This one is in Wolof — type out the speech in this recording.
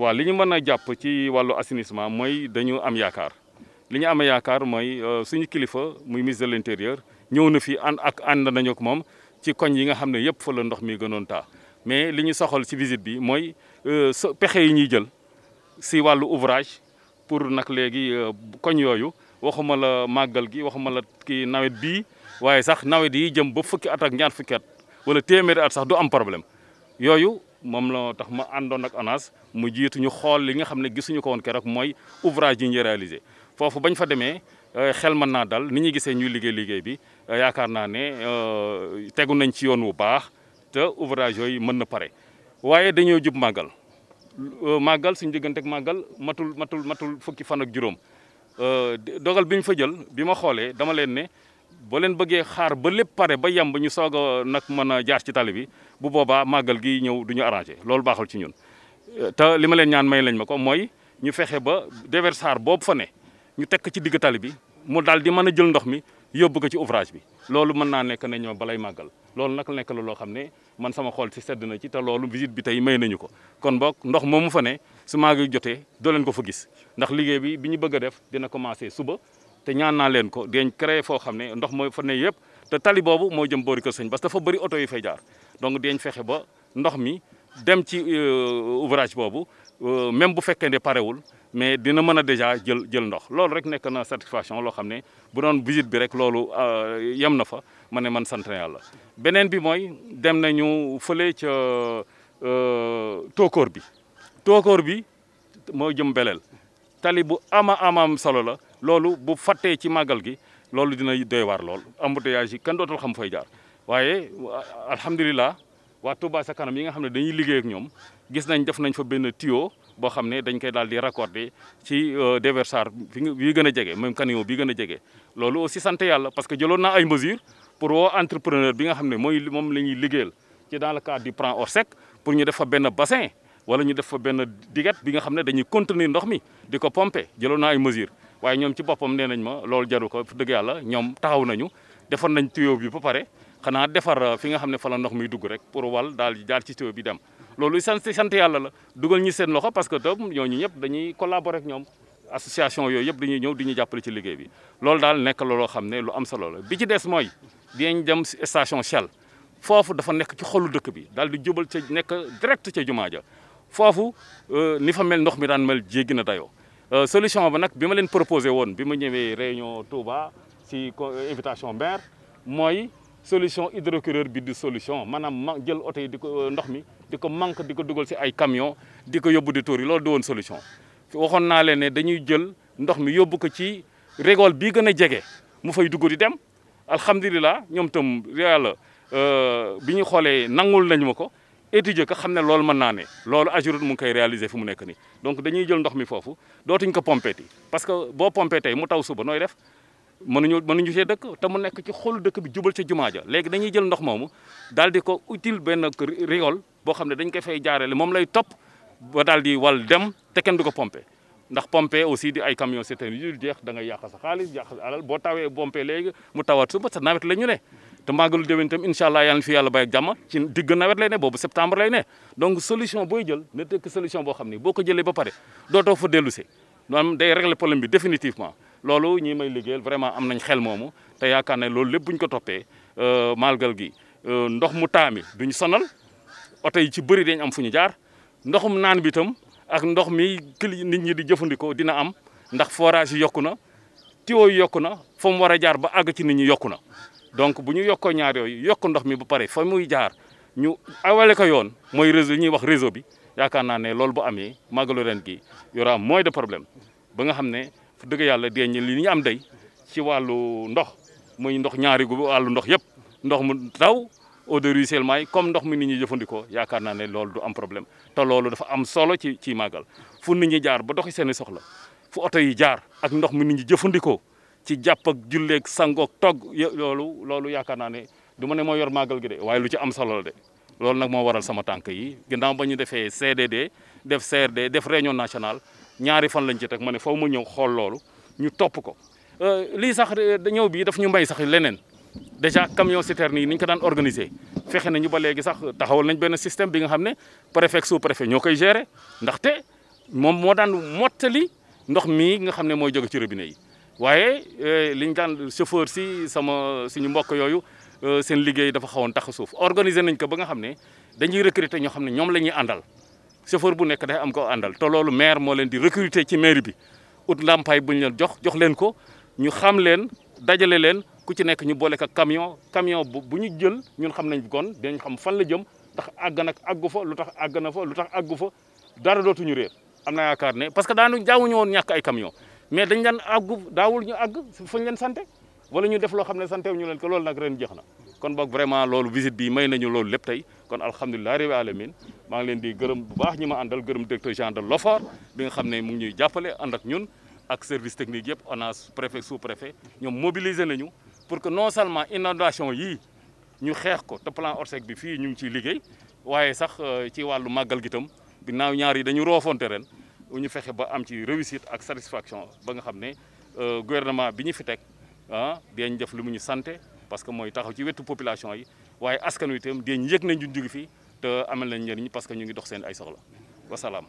waa li ñu mën a jàpp ci wàllu assainissement mooy dañu am yaakaar li ñu am yaakaar mooy euh, suñu kilifa muy ministre de l'intérieur ñëw na fi ànd ak ànd nañu ko moom ci koñ yi nga xam ne yëpp fa ndox mi gënoon taa mais li ñu soxal ci visite bi mooy euh, pexe yi ñuy jël si wàllu ouvrage pour nag léegi euh, koñ yooyu waxuma la màggal gi waxuma la kii nawet bi waaye sax nawet yi jëm ba fukki at ak ñaar fukki at wala téeméeri at sax du am problème yooyu moom la tax ma àndoon ak ONAS mu jiitu ñu xool li nga xam ne gisuñu ko woon keroog mooy ouvrage yi ñu réalisé foofu bañ fa demee euh, xel mën naa dal ni ñuy gisee ñuy liggéey liggéey bi euh, yaakaar naa ne euh, tegu nañ ci yoon wu baax te ouvrage yooyu mën na pare waaye dañoo jub màggal màggal suñ diggante ak màggal matul matul matul fukki fan ak juróom dogal bi ñu fa jël bi ma xoolee dama leen ne boo leen bëggee xaar ba lépp pare ba yem ñu soog nag mën a jaar ci tali bi bu boobaa màggal gi ñëw du ñu arrangé loolu baaxul ci ñun. te li ma leen ñaan may lañ ma ko mooy ñu fexe ba déversoir boobu fa ne ñu tekk ci digg tali bi mu daal di mën a jël ndox mi yóbbu ko ci ouvrage bi loolu mën naa nekk nañ ñoom balay màggal loolu nag nekk la loo xam ne man sama xool si sedd na ci te loolu visite bi tey may nañu ko kon boog ndox mu fa ne su màggal jotee doo leen ko fa gis ndax liggéey bi bi ñu bëgg a def dina commencé suba. te ñaan na leen ko dinañ créer fo xamné ndox moy fa ne yëpp te tali bobu moo jëm bori ko señ parce que dafa bari auto yi fay jaar donc dinañ fexé ba ndox mi dem ci euh, ouvrage bobu euh, même bu fekkee ne parewul mais dina mëna déjà jël jël ndox lool rek nek na satisfaction lo xamné ne bu doon visite bi rek loolu euh, yam na fa mané man sant na yàlla. beneen bi moy dem nañu ci euh tokor bi tokor bi moo jëm belel tali bu ama amam solo la. loolu bu fattee ci màggal gi loolu dina doy waar lool embouteillage yi kenn dootul xam fay jaar waaye alhamdulilah waa Touba sa kanam yi nga xam ne dañuy liggéey ak ñoom gis nañ def nañ fa benn tuyau boo xam ne dañ koy daal di raccorder ci euh, déversoir bi bii gën a jege même caniveau gën a jege. loolu aussi sant yàlla parce que jëloon naa ay mesures pour woo bi nga xam ne mooy moom la ñuy liggéeyal ci dans le cadre du plan Orsec pour ñu def fa benn bassin wala ñu def fa benn diguette bi nga xam ne dañuy contenir ndox mi di ko pomper jëloon na ay mesures. waaye ñoom ci boppam nee nañ ma loolu jaru ko dëgg yàlla ñoom taxaw nañu defar nañ tuyau bi ba pare xanaa defar euh, fi nga xam ne fa la ndox miy dugg rek pour wal daal di jaar ci tuyau bi dem loolu sant sant yàlla la dugal ñi seen loxo parce que tam ñooñu ñëpp dañuy collaborer ak ñoom association yooyu yëpp dañuy ñëw di ñu jàppale ci liggéey bi loolu daal nekk looloo xam ne lu am solo la bi ci des mooy dinañ dem station Shell foofu dafa nekk ci xolu dëkk bi daal di jubal ca nekk direct ca jumaa ja foofu euh, ni fa mel ndox mi daan mel jéggi na dayoo Euh, solution bi nak bima len proposer. won bima bi réunion Touba si euh, invitation maire moy solution hydrocureur bi du solution Manam ma jël auto diko euh, ndox mi diko manque diko duggal ci ay camion diko yobbu di tour yi loolu du woon solution waxon na len ne dañuy jël ndox mi yobbu ko ci rigole bi gëna jégé jege mu fay dugg di dem alhamdulilah ñom tam yalla euh biñu xolé nangul nañ ma étudier ko xam ne loolu mën naa ne loolu Ageroute mu ngi koy réaliser fi mu nekk nii donc dañuy jël ndox mi foofu dootuñ ko pompé ti parce que boo pompé tey mu taw suba nooy def mënuñu ñu see dëkk te mu nekk ci xolu dëkk bi jubal ca jumaa ja léegi dañuy jël ndox moomu dal di ko utile benn rigole boo xam ne dañ ko fay jaarale moom lay topp ba daal di wal dem te kenn du ko pompé ndax pompé aussi di ay camion c'est un jeex da ngay yàq sa xaalis yàq boo tawee pompé léegi mu tawaat suba sa nawet la ñu ne te màggalu déwén itam incha allah yàlla fi yàlla bàyyi ak jàmm ci digg nawet lay ne boobu septembre lay ne donc solution booy jël na tekk solution boo xam ni boo ko jëlee ba pare doo fa dellu si maanaam day régler problème bi définitivement loolu ñi may liggéeyal vraiment am nañ xel moomu te yaakaar ne loolu lépp ñu ko toppee euh, màggal gi euh, ndox mu taami duñu sonal oto yi ci bëri dañ am fu ñu jaar ndoxum naan bi itam ak ndox mi kili nit ñi di jëfandikoo dina am ndax forage yi yokku na tuyau yi na fa mu war a jaar ba àgg ci nit ñi yokku na donc bu ñu yokkoo ñaar yooyu yokk ndox mi ba pare fa muy jaar ñu awale ko yoon mooy réseau ñuy wax réseau bi yaakaar naa ne loolu bu amee màggalu ren gi y mooy de problème ba nga xam ne fu dëgg yàlla deeñ li ñu am day ci wàllu ndox muy ndox ñaari gu wàllu ndox yëpp ndox mu taw eau de yi comme ndox mi nit ñi jëfandikoo yaakaar naa ne loolu du am problème te loolu dafa am solo ci ci màggal fu nit ñi jaar ba doxi seen i soxla fu oto jaar ak ndox mu nit ñi jëfandikoo ci jàpp ak julleeg sangoog togg loolu loolu yaakaar naa ne du ma ne moo yor màggal gi de waaye lu ci am solo la de loolu nag moo waral sama tànk yi ginnaaw ba ñu defee CDD def CRD def réunion national ñaari fan lañ ci teg ma ne foofu ma ñëw xool loolu ñu topp ko euh, lii sax ñëw bii daf ñu mbay sax leneen déjà camion citerne yi ni ñu ko daan organisé fexe ñu ba léegi sax taxawal nañ benn système bi nga xam ne préfet sous préfet ñoo koy gérer ndaxte moom moo daan mottali ndox mii nga xam ne mooy jóge ci robinet yi waaye eh, liñ daan chauffeur si sama suñu mbokk yooyu eh, seen liggéey dafa xawoon tax a suuf organiser nañ ko ba nga xam ne dañuy recruter ñoo xam ne ñoom la ñuy àndal chauffeur bu nekk day am ko àndal te loolu maire moo leen di recruter ci mairie bi ut ndàmpaay bu ñu leen jox jox leen ko ñu xam leen dajale leen ku ci nekk ñu boole ko camion camion bu ñu jël ñun xam nañ kon dañ xam fan la jëm tax àgg nag àggu fa lu tax àgg na fa lu tax àggu fa dara dootuñu réer am na yaakaar ne parce que daanu jaawuñu woon ñàkk ay kamion mais dañ daan àggu daawul ñu àgg fuñ leen sante wala ñu def loo xam ne santew ñu leen ko loolu nag reen jeex na kon boog vraiment loolu visite bi may nañu loolu lépp tey kon alhamdulilah rabbi alamin maa ngi leen di gërëm bu baax ñi ma àndal gërëm directeur général de l'OFOR bi nga xam ne mu ngi ñuy jàppale ànd ak ñun ak service technique yëpp ONAS préfet sous préfet ñoom mobiliser nañu pour que non seulement inondation yii ñu xeex ko te plan ORSEC bi fii ñu ngi ciy liggéey waaye sax euh, ci wàllu màggal gi tam ginnaaw ñaar yi dañu roofonte ren ñu fexé ba am ci réussite ak satisfaction ba nga xamné euh gouvernement bi ñu fi tek ah dinañ def lu mu ñu santé parce que moy taxaw ci wettu population yi waye askanu itam dinañ yëg nañ ñu jóge fi te amal nañ ñëriñ parce que ñu ngi dox seen ay soxla wa salam